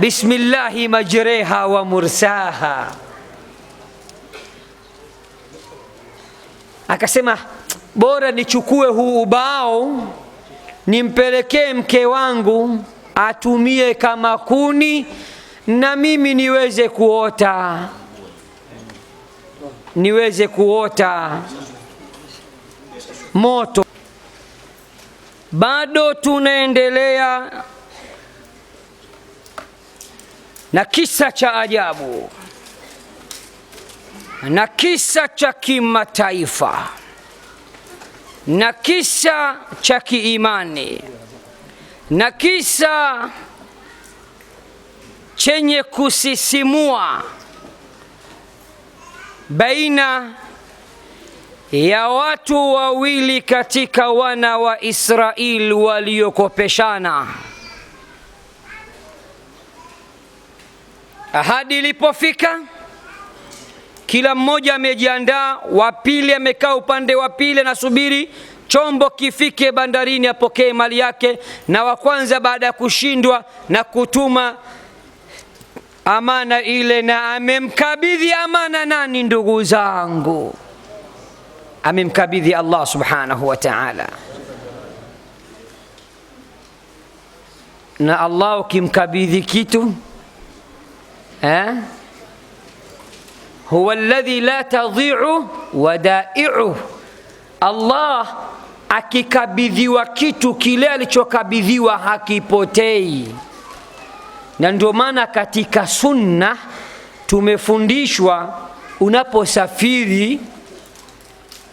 Bismillahi majreha wa mursaha. Akasema bora nichukue huu ubao nimpelekee mke wangu atumie kama kuni na mimi niweze kuota, niweze kuota moto. Bado tunaendelea na kisa cha ajabu na kisa cha kimataifa na kisa cha kiimani na kisa chenye kusisimua baina ya watu wawili katika wana wa Israeli waliokopeshana. Ahadi ilipofika, kila mmoja amejiandaa, wa pili amekaa upande wa pili, anasubiri chombo kifike bandarini apokee mali yake, na wa kwanza baada ya kushindwa na kutuma amana ile, na amemkabidhi amana nani? Ndugu zangu, amemkabidhi Allah subhanahu wa ta'ala. Na Allah ukimkabidhi kitu هو huwa لا la ودائعه wada'i'u, Allah akikabidhiwa kitu kile alichokabidhiwa hakipotei. Na ndio maana katika sunna tumefundishwa unaposafiri,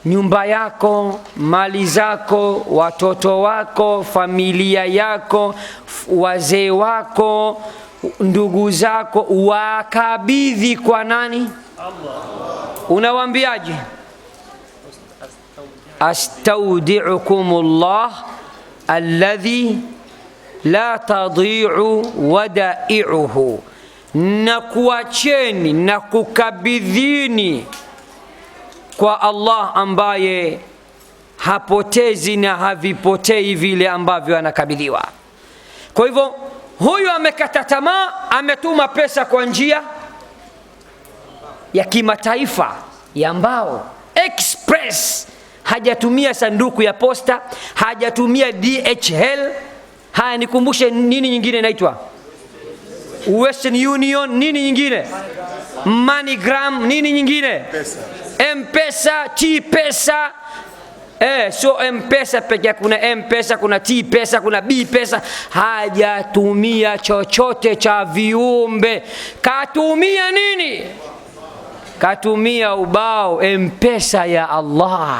nyumba yako, mali zako, watoto wako, familia yako, wazee wako ndugu zako wakabidhi kwa nani? Allah. Unawaambiaje? astaudiukum llah alladhi la tadiu wadaiuhu, na kuacheni na kukabidhini kwa Allah ambaye hapotezi na havipotei vile ambavyo anakabidhiwa. Kwa hivyo huyu amekata tamaa, ametuma pesa kwa njia ya kimataifa ya mbao express, hajatumia sanduku ya posta, hajatumia DHL. Haya, nikumbushe nini nyingine inaitwa Western Union, nini nyingine MoneyGram, nini nyingine Mpesa, T-Pesa Eh, sio M-Pesa pekee, kuna M-Pesa, kuna T-Pesa, kuna B-Pesa. Hajatumia chochote cha viumbe. Katumia nini? Katumia ubao M-Pesa ya Allah.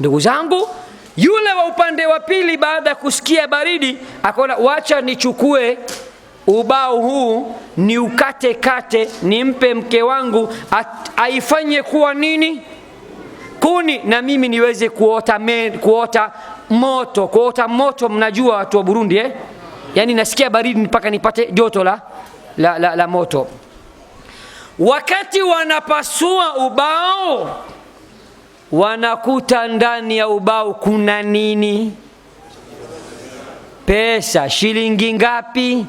Ndugu zangu, yule wa upande wa pili baada ya kusikia baridi akaona wacha nichukue ubao huu ni ukate kate, nimpe mke wangu aifanye kuwa nini kuni, na mimi niweze kuota, me, kuota moto kuota moto. Mnajua watu wa Burundi eh? Yani nasikia baridi mpaka nipate joto la, la, la, la moto. Wakati wanapasua ubao, wanakuta ndani ya ubao kuna nini? Pesa shilingi ngapi?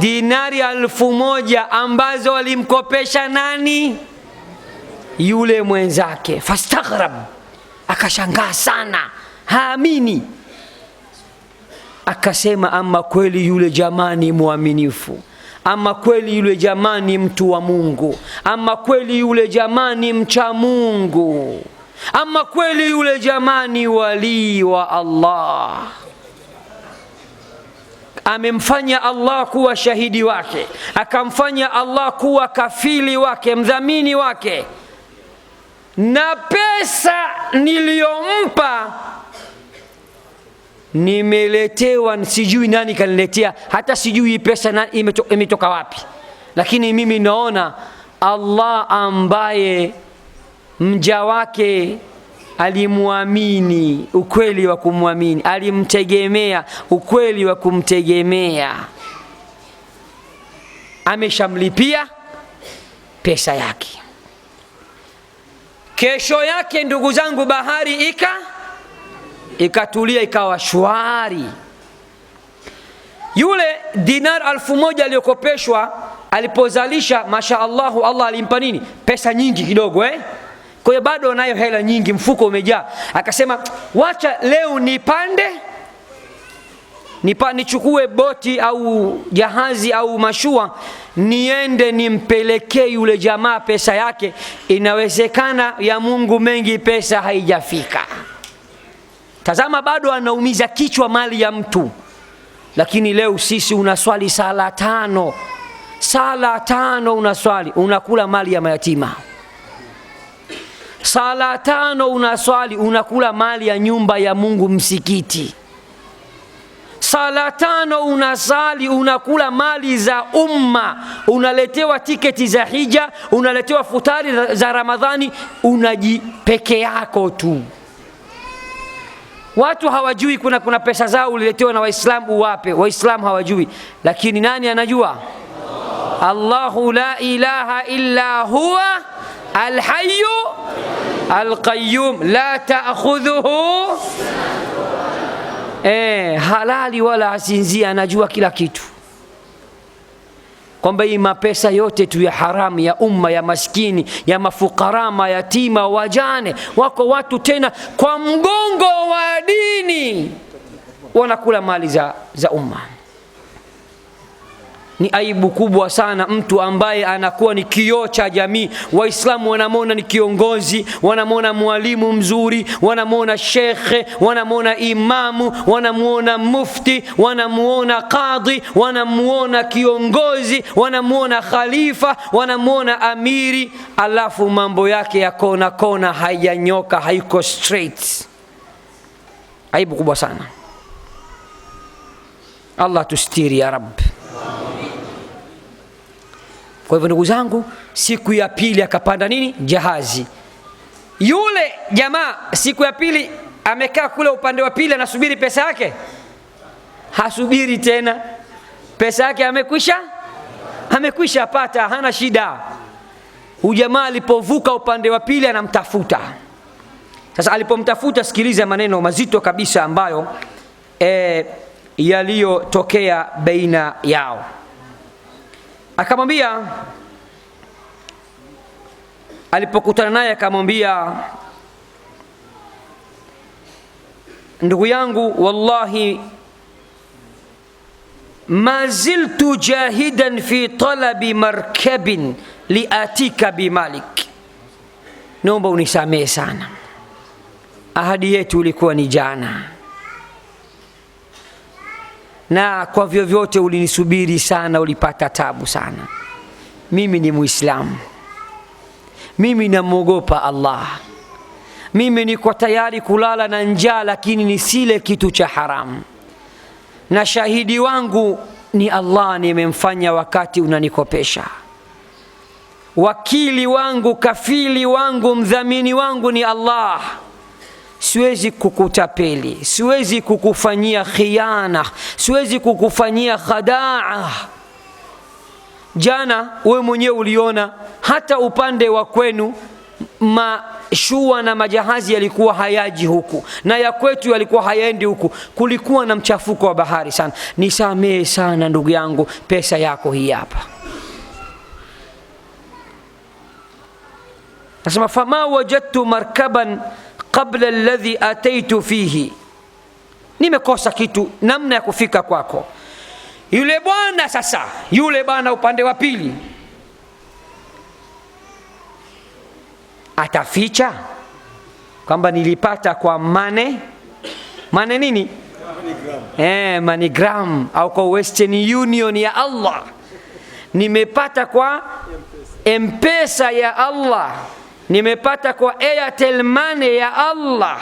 dinari alfu moja ambazo walimkopesha nani? Yule mwenzake. Fastaghrab, akashangaa sana, haamini. Akasema, ama kweli yule jamaa ni mwaminifu ama kweli yule jamaa ni mtu wa Mungu, ama kweli yule jamaa ni mcha Mungu, ama kweli yule jamaa ni walii wa Allah amemfanya Allah kuwa shahidi wake, akamfanya Allah kuwa kafili wake, mdhamini wake, na pesa niliyompa nimeletewa, sijui nani kaniletea, hata sijui pesa imetoka wapi, lakini mimi naona Allah ambaye mja wake alimwamini ukweli wa kumwamini, alimtegemea ukweli wa kumtegemea, ameshamlipia pesa yake. Kesho yake, ndugu zangu, bahari ika ikatulia ikawa shwari. Yule dinar alfu moja aliyokopeshwa alipozalisha, masha Allahu, Allah alimpa nini? Pesa nyingi kidogo eh? Kwa hiyo bado anayo hela nyingi, mfuko umejaa. Akasema wacha leo nipande nipa, nichukue boti au jahazi au mashua niende nimpelekee yule jamaa pesa yake. Inawezekana ya Mungu mengi pesa haijafika. Tazama, bado anaumiza kichwa mali ya mtu, lakini leo sisi unaswali sala tano, sala tano unaswali, unakula mali ya mayatima. Sala tano unaswali, unakula mali ya nyumba ya Mungu msikiti. Sala tano unasali, unakula mali za umma, unaletewa tiketi za hija, unaletewa futari za Ramadhani, unaji peke yako tu. Watu hawajui kuna kuna pesa zao uliletewa na Waislamu uwape. Waislamu hawajui, lakini nani anajua? Allahu la ilaha illa huwa alhayu alqayyum la taakhudhuhu e, eh, halali wala asinzia, anajua kila kitu, kwamba hii mapesa yote tu ya haramu ya umma ya maskini ya mafukara mayatima wajane wako watu tena kwa mgongo wa dini wanakula mali za, za umma ni aibu kubwa sana mtu ambaye anakuwa ni kioo cha jamii. Waislamu wanamwona ni kiongozi, wanamwona mwalimu mzuri, wanamwona shekhe, wanamwona imamu, wanamwona mufti, wanamwona kadhi, wanamwona kiongozi, wanamwona khalifa, wanamwona amiri, alafu mambo yake ya kona kona haijanyoka, haiko straight. Aibu kubwa sana. Allah tustiri ya Rabbi. Kwa hivyo ndugu zangu, siku ya pili akapanda nini? Jahazi. Yule jamaa siku ya pili amekaa kule upande wa pili, anasubiri pesa yake? Hasubiri tena, pesa yake amekwisha, amekwisha pata, hana shida. Ujamaa alipovuka upande wa pili, anamtafuta sasa. Alipomtafuta, sikiliza maneno mazito kabisa ambayo e, yaliyotokea baina yao. Akamwambia, alipokutana naye akamwambia, ndugu yangu, wallahi ma ziltu jahidan fi talabi markabin liatika bimalik, naomba unisamehe sana, ahadi yetu ilikuwa ni jana na kwa vyovyote ulinisubiri sana, ulipata tabu sana. Mimi ni Muislamu, mimi namwogopa Allah, mimi niko tayari kulala na njaa, lakini nisile kitu cha haramu, na shahidi wangu ni Allah, nimemfanya wakati unanikopesha. Wakili wangu, kafili wangu, mdhamini wangu ni Allah siwezi kukutapeli, siwezi kukufanyia khiana, siwezi kukufanyia khadaa. Jana we mwenyewe uliona hata upande wa kwenu mashua na majahazi yalikuwa hayaji huku na ya kwetu yalikuwa hayaendi huku, kulikuwa na mchafuko wa bahari sana. Nisamehe sana ndugu yangu, pesa yako hii hapa. Nasema fama wajadtu markaban qabla alladhi ataitu fihi, nimekosa kitu namna ya kufika kwako. Yule bwana sasa, yule bwana upande wa pili ataficha kwamba nilipata kwa mane mane nini eh, manigram au kwa Western Union ya Allah, nimepata kwa mpesa ya Allah nimepata kwa Airtel Money ya Allah,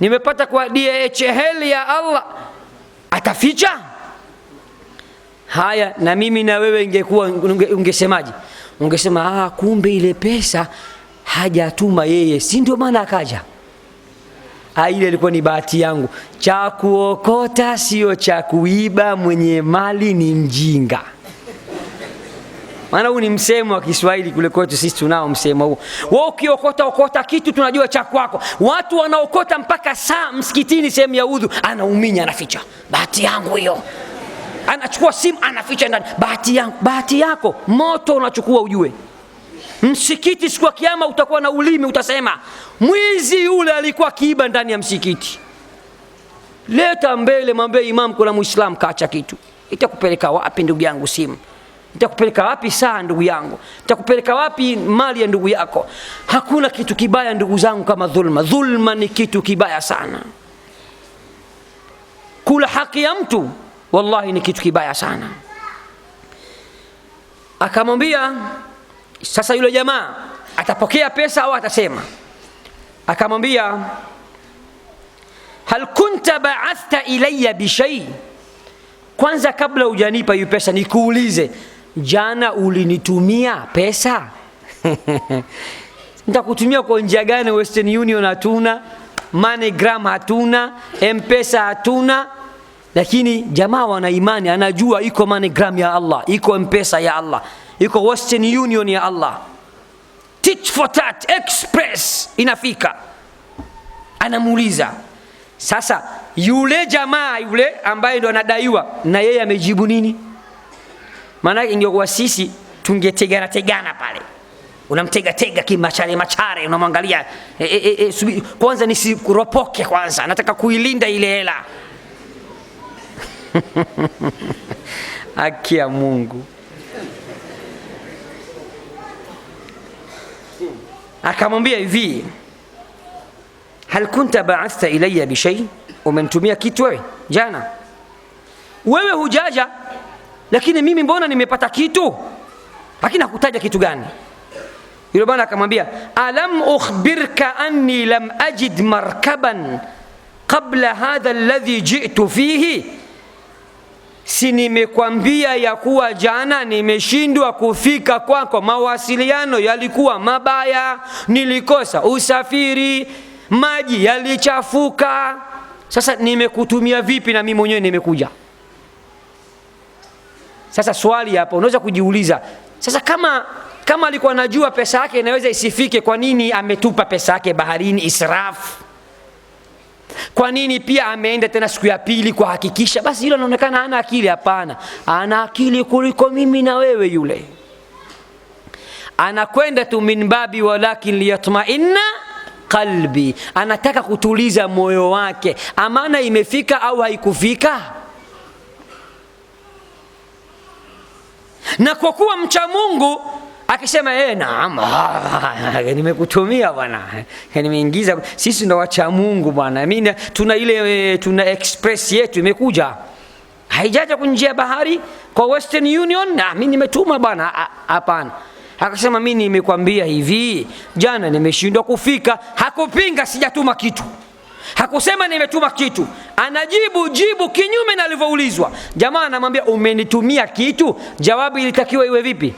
nimepata kwa DHL ya Allah, ataficha haya? Na mimi na wewe ingekuwa unge, ungesemaje? Ungesema ah, kumbe ile pesa hajatuma yeye, si ndio maana akaja ah, ile ilikuwa ni bahati yangu. Cha kuokota sio cha kuiba, mwenye mali ni mjinga maana huu ni msemo wa Kiswahili kule kwetu, sisi tunao msemo huu. Wewe ukiokota okota kitu, tunajua cha kwako. Watu wanaokota mpaka saa msikitini, sehemu ya udhu, anauminya anaficha. Bahati yangu hiyo, anachukua simu anaficha ndani. Bahati yangu, bahati yako. Moto unachukua ujue, msikiti siku ya Kiyama utakuwa na ulimi, utasema mwizi yule alikuwa akiiba ndani ya msikiti. Leta mbele, mwambie imam, kuna mwislamu kacha kitu. Itakupeleka wapi ndugu yangu? simu Nitakupeleka wapi saa ndugu yangu? Nitakupeleka wapi mali ya ndugu yako? Hakuna kitu kibaya ndugu zangu kama dhulma. Dhulma ni kitu kibaya sana. Kula haki ya mtu wallahi ni kitu kibaya sana. Akamwambia sasa, yule jamaa atapokea pesa au atasema? Akamwambia, hal kunta baathta ilayya bishai, kwanza kabla hujanipa hiyo pesa nikuulize jana ulinitumia pesa nitakutumia kwa njia gani? Western Union hatuna, MoneyGram hatuna, M-Pesa hatuna, lakini jamaa wana imani, anajua iko MoneyGram ya Allah, iko M-Pesa ya Allah, iko Western Union ya Allah, Teach for Tat Express inafika. Anamuuliza sasa, yule jamaa yule ambaye ndo anadaiwa, na yeye amejibu nini? Maana ingekuwa sisi tungetegana tegana pale, unamtega tega kimachare machare, unamwangalia e, e, e, kwanza nisikuropoke kwanza, nataka kuilinda ile hela akia ya Mungu. Akamwambia hivi, hal kunta baathta ilayya bishai, umenitumia kitu wewe jana? Wewe hujaja lakini mimi mbona nimepata kitu, lakini hakutaja kitu gani. Yule bwana akamwambia, alam ukhbirka anni lam ajid markaban qabla hadha alladhi jitu fihi, si nimekwambia ya kuwa jana nimeshindwa kufika kwako, mawasiliano yalikuwa mabaya, nilikosa usafiri, maji yalichafuka. Sasa nimekutumia vipi na mimi mwenyewe nimekuja sasa swali hapo unaweza kujiuliza, sasa kama kama alikuwa anajua pesa yake inaweza isifike, kwa nini ametupa pesa yake baharini israfu? Kwa nini pia ameenda tena siku ya pili kuhakikisha? Basi hilo anaonekana ana akili. Hapana, ana akili kuliko mimi na wewe. Yule anakwenda tu min babi walakin liyatmainna qalbi, anataka kutuliza moyo wake. Amana imefika au haikufika? na kwa kuwa mcha Mungu akisema yeye eh, naam, ah, ah, nimekutumia bwana, eh, nimeingiza. Sisi ndo wacha Mungu bwana, mimi tuna ile tuna express yetu imekuja haijaja kunjia bahari kwa Western Union. Na mimi nimetuma bwana, hapana. Akasema mimi nimekwambia hivi jana, nimeshindwa kufika. Hakupinga, sijatuma kitu hakusema nimetuma kitu, anajibu jibu kinyume na alivyoulizwa. Jamaa anamwambia umenitumia kitu, jawabu ilitakiwa iwe vipi?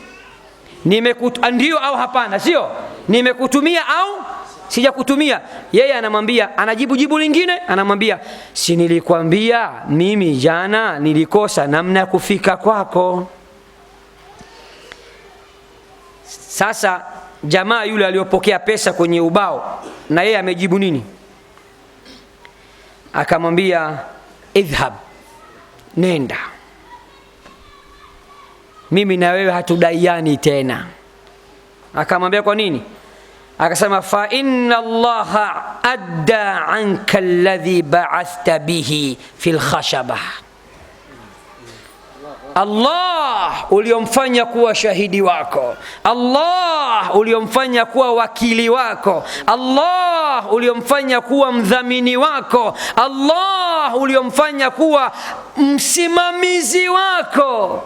Nimekut, ah, ndio au hapana, sio nimekutumia au sijakutumia. Yeye anamwambia, anajibu jibu lingine, anamwambia si nilikwambia mimi jana nilikosa namna ya kufika kwako. Sasa jamaa yule aliyopokea pesa kwenye ubao, na yeye amejibu nini? akamwambia idhhab, nenda, mimi na wewe hatudaiani tena. Akamwambia kwa nini? Akasema fa inna Allaha adda anka alladhi ba'athta bihi fi lkhashaba Allah uliomfanya kuwa shahidi wako, Allah uliomfanya kuwa wakili wako, Allah uliomfanya kuwa mdhamini wako, Allah uliomfanya kuwa msimamizi wako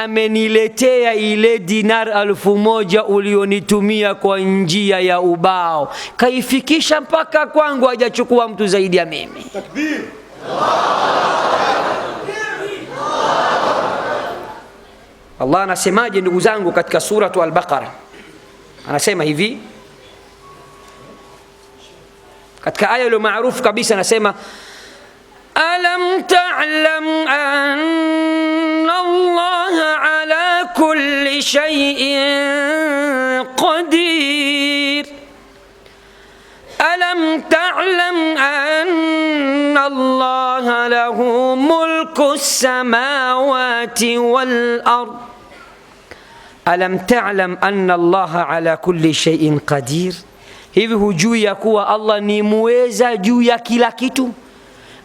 ameniletea ile dinar alfu moja ulionitumia kwa njia ya ubao, kaifikisha mpaka kwangu, hajachukua mtu zaidi ya mimi. Takbir! Allah! Allah anasemaje ndugu zangu katika suratu Al-Baqara? Anasema hivi katika aya ile maarufu kabisa, anasema alam ta'lam anna Allah ala kulli shay'in qadir alam ta'lam anna Allah lahu mulku as-samawati wal-ardh alam ta'lam anna Allaha ala kulli shay'in qadir, hivi hujui ya kuwa Allah ni muweza juu ya kila kitu?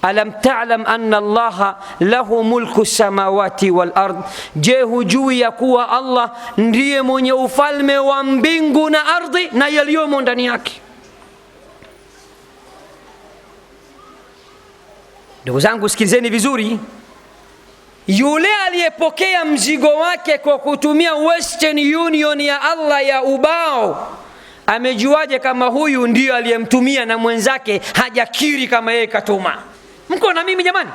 Alam ta'lam anna Allaha lahu mulku samawati wal ard, je hujui ya kuwa Allah ndiye mwenye ufalme wa mbingu na ardhi na yaliyomo ndani yake? Ndugu zangu, sikilizeni vizuri yule aliyepokea mzigo wake kwa kutumia Western Union ya Allah ya ubao amejuaje kama huyu ndiyo aliyemtumia na mwenzake hajakiri kama yeye katuma? Mko na mimi jamani?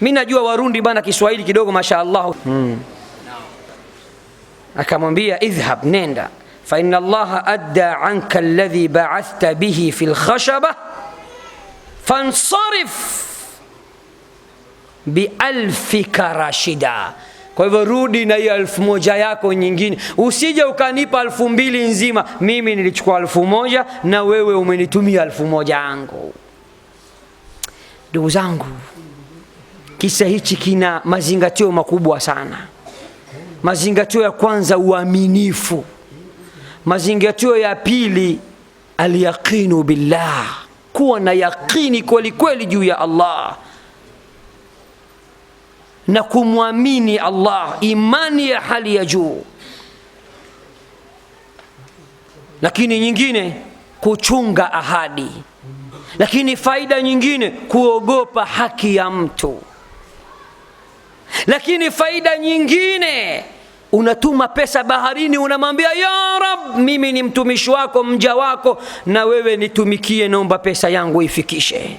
Mi najua Warundi bana Kiswahili kidogo, mashaallah. Hmm. Akamwambia idhhab, nenda, fa inna llaha adda anka alladhi ba'athta bihi fil khashaba fansarif bialfika rashida. Kwa hivyo rudi na hiyo elfu moja yako nyingine, usije ukanipa elfu mbili nzima. Mimi nilichukua elfu moja na wewe umenitumia elfu moja yangu. Ndugu zangu, kisa hichi kina mazingatio makubwa sana. Mazingatio ya kwanza, uaminifu. Mazingatio ya pili, alyaqinu billah, kuwa na yaqini kwelikweli juu ya Allah na kumwamini Allah imani ya hali ya juu, lakini nyingine kuchunga ahadi, lakini faida nyingine kuogopa haki ya mtu, lakini faida nyingine unatuma pesa baharini, unamwambia ya Rab, mimi ni mtumishi wako mja wako, na wewe nitumikie, naomba pesa yangu ifikishe.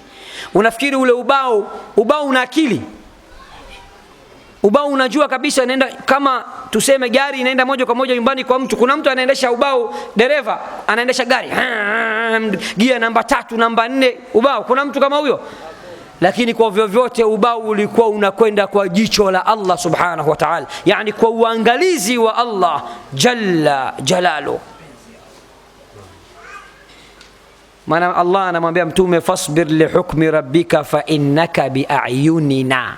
Unafikiri ule ubao ubao una akili? Ubao unajua kabisa inaenda kama tuseme gari inaenda moja kwa moja nyumbani kwa mtu. Kuna mtu anaendesha ubao, dereva anaendesha gari gia namba tatu, namba nne, ubao. Kuna mtu kama huyo? Lakini kwa vyovyote ubao ulikuwa unakwenda kwa jicho la Allah subhanahu wa ta'ala, yani kwa uangalizi wa Allah jalla jalalu. Maana Allah anamwambia Mtume, fasbir hukmi rabbika fa innaka ayunina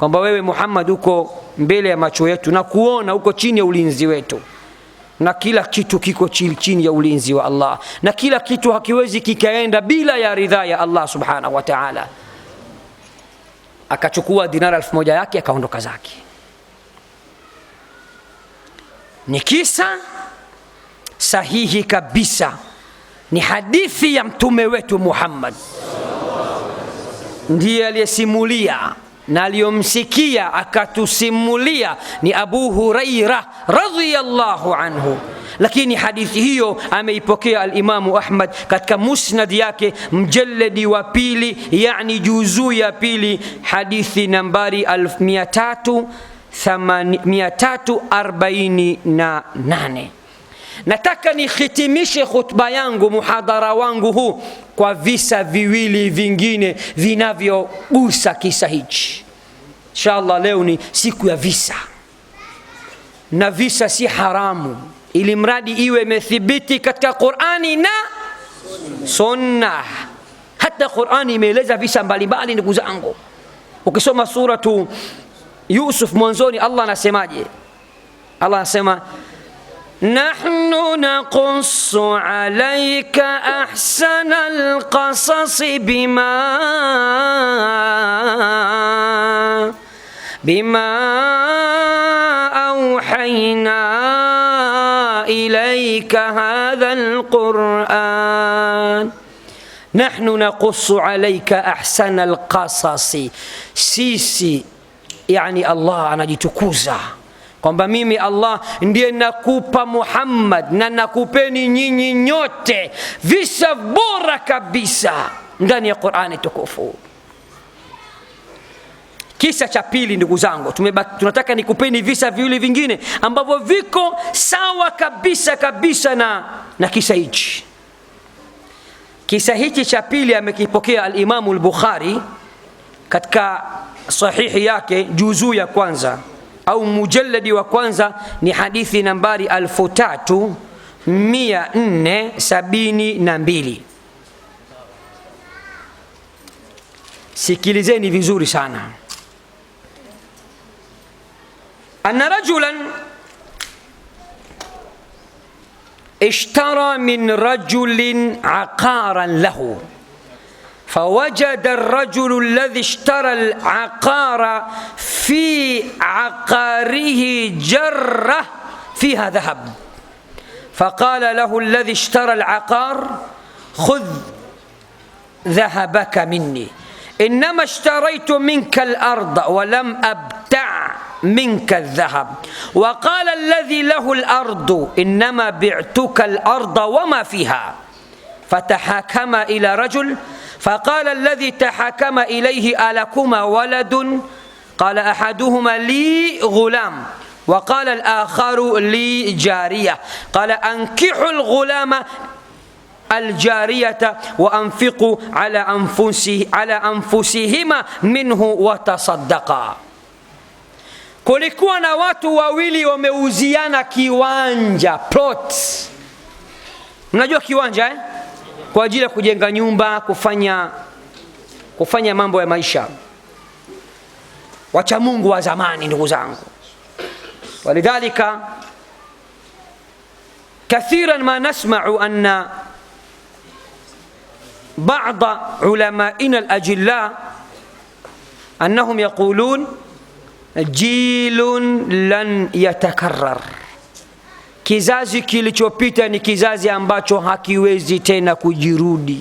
kwamba wewe Muhammad uko mbele ya macho yetu na kuona uko chini ya ulinzi wetu, na kila kitu kiko chini ya ulinzi wa Allah, na kila kitu hakiwezi kikaenda bila ya ridhaa ya Allah subhanahu wa ta'ala. Akachukua dinara elfu moja yake akaondoka zake. Ni kisa sahihi kabisa, ni hadithi ya mtume wetu Muhammad ndiye aliyesimulia na aliyomsikia akatusimulia ni Abu Huraira radhiyallahu anhu. Lakini hadithi hiyo ameipokea Alimamu Ahmad katika musnad yake mjaladi wa pili, yani juzuu ya pili, hadithi nambari 348. Nataka nihitimishe khutba yangu, muhadhara wangu huu kwa visa viwili vingine vinavyogusa kisa hichi. Inshallah, leo ni siku ya visa, na visa si haramu, ili mradi iwe imethibiti katika Qur'ani na Sunna. Hata Qur'ani imeeleza visa mbalimbali, ndugu zangu. Ukisoma suratu Yusuf mwanzoni, Allah anasemaje? Allah anasema نحن نقص عليك احسن القصص بما بما اوحينا اليك هذا القران نحن نقص عليك احسن القصص سيسي يعني الله انا anajitukuza kwamba mimi Allah ndiye nakupa Muhammad na nakupeni nyinyi nyote visa bora kabisa ndani ya Qur'ani tukufu. Kisa cha pili, ndugu zangu, tunataka nikupeni visa viwili vingine ambavyo viko sawa kabisa kabisa na, na kisa hichi. Kisa hichi cha pili amekipokea al-Imamu al-Bukhari katika sahihi yake juzuu ya kwanza au mujalladi wa kwanza ni hadithi nambari 3472. Sikilizeni vizuri sana. Anna rajulan ishtara min rajulin aqaran lahu فوجد الرجل الذي اشترى العقار في عقاره جرة فيها ذهب فقال له الذي اشترى العقار خذ ذهبك مني إنما اشتريت منك الأرض ولم أبتع منك الذهب وقال الذي له الأرض إنما بعتك الأرض وما فيها فتحاكم إلى رجل فقال الذي تحاكم إليه ألكما ولد قال أحدهما لي غلام وقال الآخر لي جارية قال أنكحوا الغلام الجارية وأنفقوا على أنفسه على أنفسهما منه وتصدقا kulikuwa na watu wawili wameuziana kiwanja plot mnajua kiwanja eh? kwa ajili ya kujenga nyumba, kufanya, kufanya mambo ya maisha. wacha mungu wa zamani, ndugu zangu, walidhalika kathiran ma nasmau anna bada ulamaina alajilla annahum yaqulun jilun lan yatakarrar Kizazi kilichopita ni kizazi ambacho hakiwezi tena kujirudi.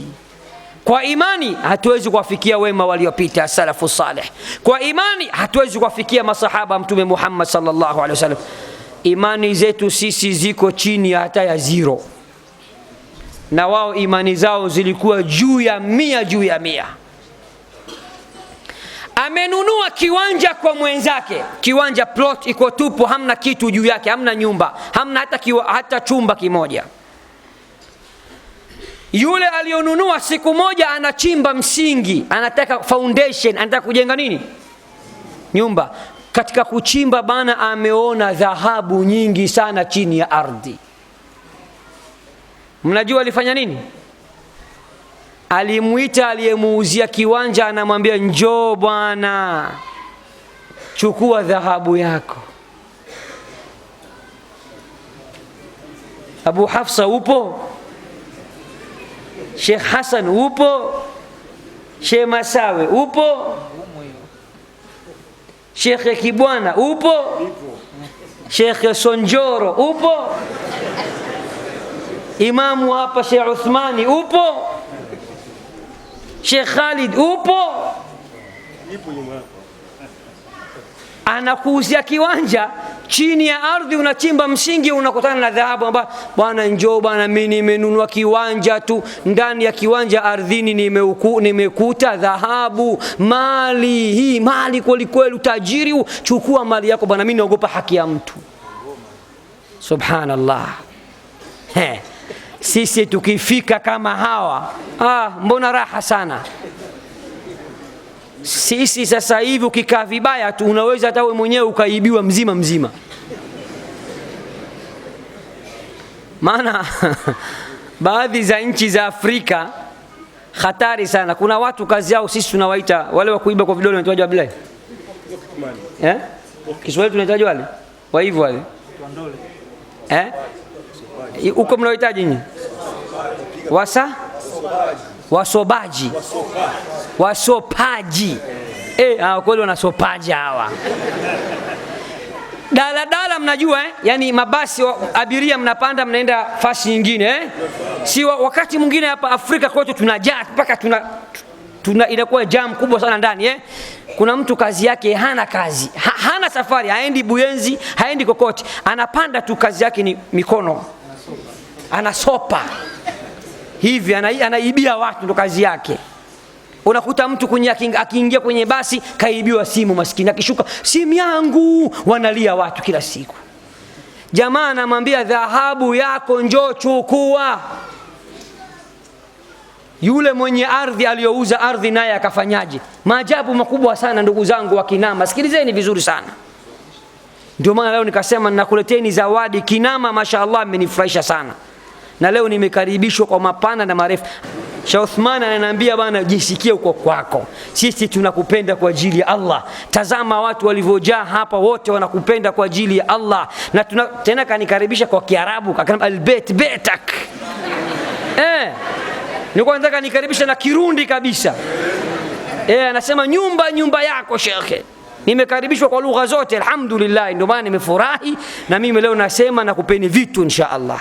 Kwa imani hatuwezi kuwafikia wema waliopita salafu saleh. Kwa imani hatuwezi kuwafikia masahaba Mtume Muhammad sallallahu alaihi wasallam. Imani zetu sisi ziko chini hata ya ziro, na wao imani zao zilikuwa juu ya mia juu ya mia amenunua kiwanja kwa mwenzake, kiwanja plot iko tupo, hamna kitu juu yake, hamna nyumba, hamna hata, kiwa, hata chumba kimoja. Yule aliyonunua siku moja anachimba msingi, anataka foundation, anataka kujenga nini, nyumba. Katika kuchimba bana, ameona dhahabu nyingi sana chini ya ardhi. Mnajua alifanya nini? alimwita aliyemuuzia kiwanja, anamwambia njoo bwana, chukua dhahabu yako. Abu Hafsa upo? Sheikh Hassan upo? Sheikh Masawe upo? Shekhe Kibwana upo? Shekhe Sonjoro upo? Imamu hapa Sheikh Uthmani upo? Sheikh Khalid upo, anakuuzia kiwanja chini ya ardhi, unachimba msingi, unakutana na dhahabu, ambayo bwana, njoo bwana, mimi nimenunua kiwanja tu, ndani ya kiwanja ardhini nimekuta dhahabu. Mali hii mali kwelikweli, utajiri. Chukua mali yako bwana, mimi naogopa haki ya mtu. Subhanallah, he. Sisi tukifika kama hawa ah, mbona raha sana sisi. Sasa hivi ukikaa vibaya tu unaweza hata wewe mwenyewe ukaibiwa mzima mzima, maana baadhi za nchi za Afrika hatari sana. Kuna watu kazi yao, sisi tunawaita wale wakuiba kwa vidole, wanaitwaje? Abdulahi, eh, Kiswahili tunaitaje wale waivu wale eh? huko mnaohitaji nyinyi wasa wasobaji wasopaji eh, ah, kweli, wanasopaji hawa daladala mnajua eh? Yani mabasi abiria mnapanda mnaenda fasi nyingine eh? si wakati mwingine hapa Afrika kwetu tunajaa mpaka tuna, tuna inakuwa jam kubwa sana ndani eh? Kuna mtu kazi yake hana kazi ha, hana safari, haendi Buyenzi haendi kokote, anapanda tu, kazi yake ni mikono anasopa hivi, anaibia watu, ndo kazi yake. Unakuta mtu akiingia kwenye basi kaibiwa simu, maskini akishuka, simu yangu, wanalia watu kila siku. Jamaa anamwambia dhahabu yako njoo chukua. Yule mwenye ardhi aliyouza ardhi naye akafanyaje? Maajabu makubwa sana ndugu zangu wa Kinama, sikilizeni vizuri sana. Ndio maana leo nikasema nakuleteni zawadi Kinama, mashaallah, amenifurahisha sana na leo nimekaribishwa kwa mapana na marefu. Sheikh Uthman ananiambia bana, jisikie uko kwako, sisi tunakupenda kwa ajili ya Allah. Tazama watu walivyojaa hapa, wote wanakupenda kwa ajili ya Allah. Na tuna, tena kanikaribisha kwa Kiarabu, akaniambia albet betak eh, nilikuwa nataka nikaribisha na Kirundi kabisa eh, anasema nyumba nyumba yako shekhe nimekaribishwa kwa lugha zote alhamdulillah. Ndio maana nimefurahi na mimi leo nasema nakupeni vitu insha Allah.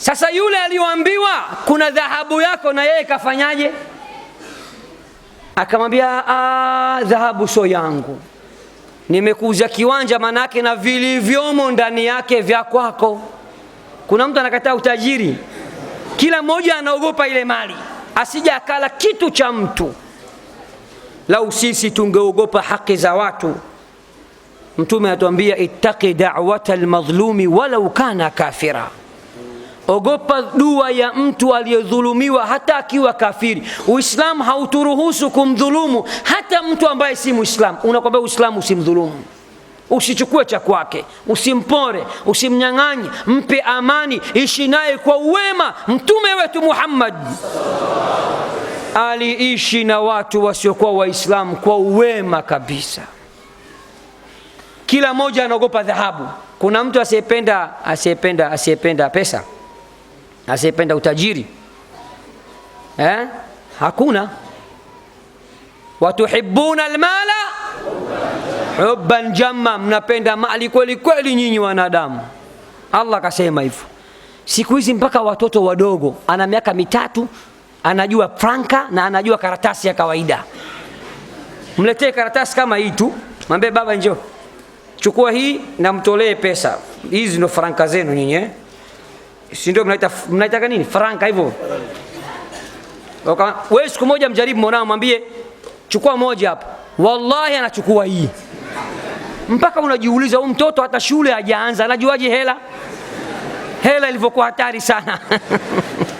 Sasa yule aliyoambiwa kuna dhahabu yako, na yeye kafanyaje? Akamwambia, ah, dhahabu sio yangu, nimekuuza kiwanja manake na vilivyomo ndani yake vya kwako. Kuna mtu anakataa utajiri, kila mmoja anaogopa ile mali, asija akala kitu cha mtu. Lau sisi tungeogopa haki za watu Mtume atuambia, ittaqi da'wata almadhlumi walau kana kafira Ogopa dua ya mtu aliyodhulumiwa hata akiwa kafiri. Uislamu hauturuhusu kumdhulumu hata mtu ambaye si Muislamu. Unakwambia Uislamu usimdhulumu, usichukue cha kwake, usimpore, usimnyang'anye, mpe amani, ishi naye kwa uwema. Mtume wetu Muhammad aliishi na watu wasiokuwa Waislamu kwa uwema kabisa. Kila mmoja anaogopa dhahabu. Kuna mtu asiyependa asiyependa asiyependa pesa asiyependa utajiri eh? Hakuna. watuhibuna almala hubban jamma, mnapenda mali kweli kweli nyinyi wanadamu. Allah kasema hivyo. Siku hizi mpaka watoto wadogo, ana miaka mitatu, anajua franka na anajua karatasi ya kawaida. Mletee karatasi kama hii tu, mwambie baba, njoo chukua hii namtolee pesa hizi, ndo franka zenu nyinyi eh? si ndio mnaita mnaita nini franka hivyo. Wewe siku moja mjaribu mwanao, mwambie chukua moja hapa, wallahi anachukua hii, mpaka unajiuliza huyu mtoto hata shule hajaanza, anajuaje hela? Hela ilivyokuwa hatari sana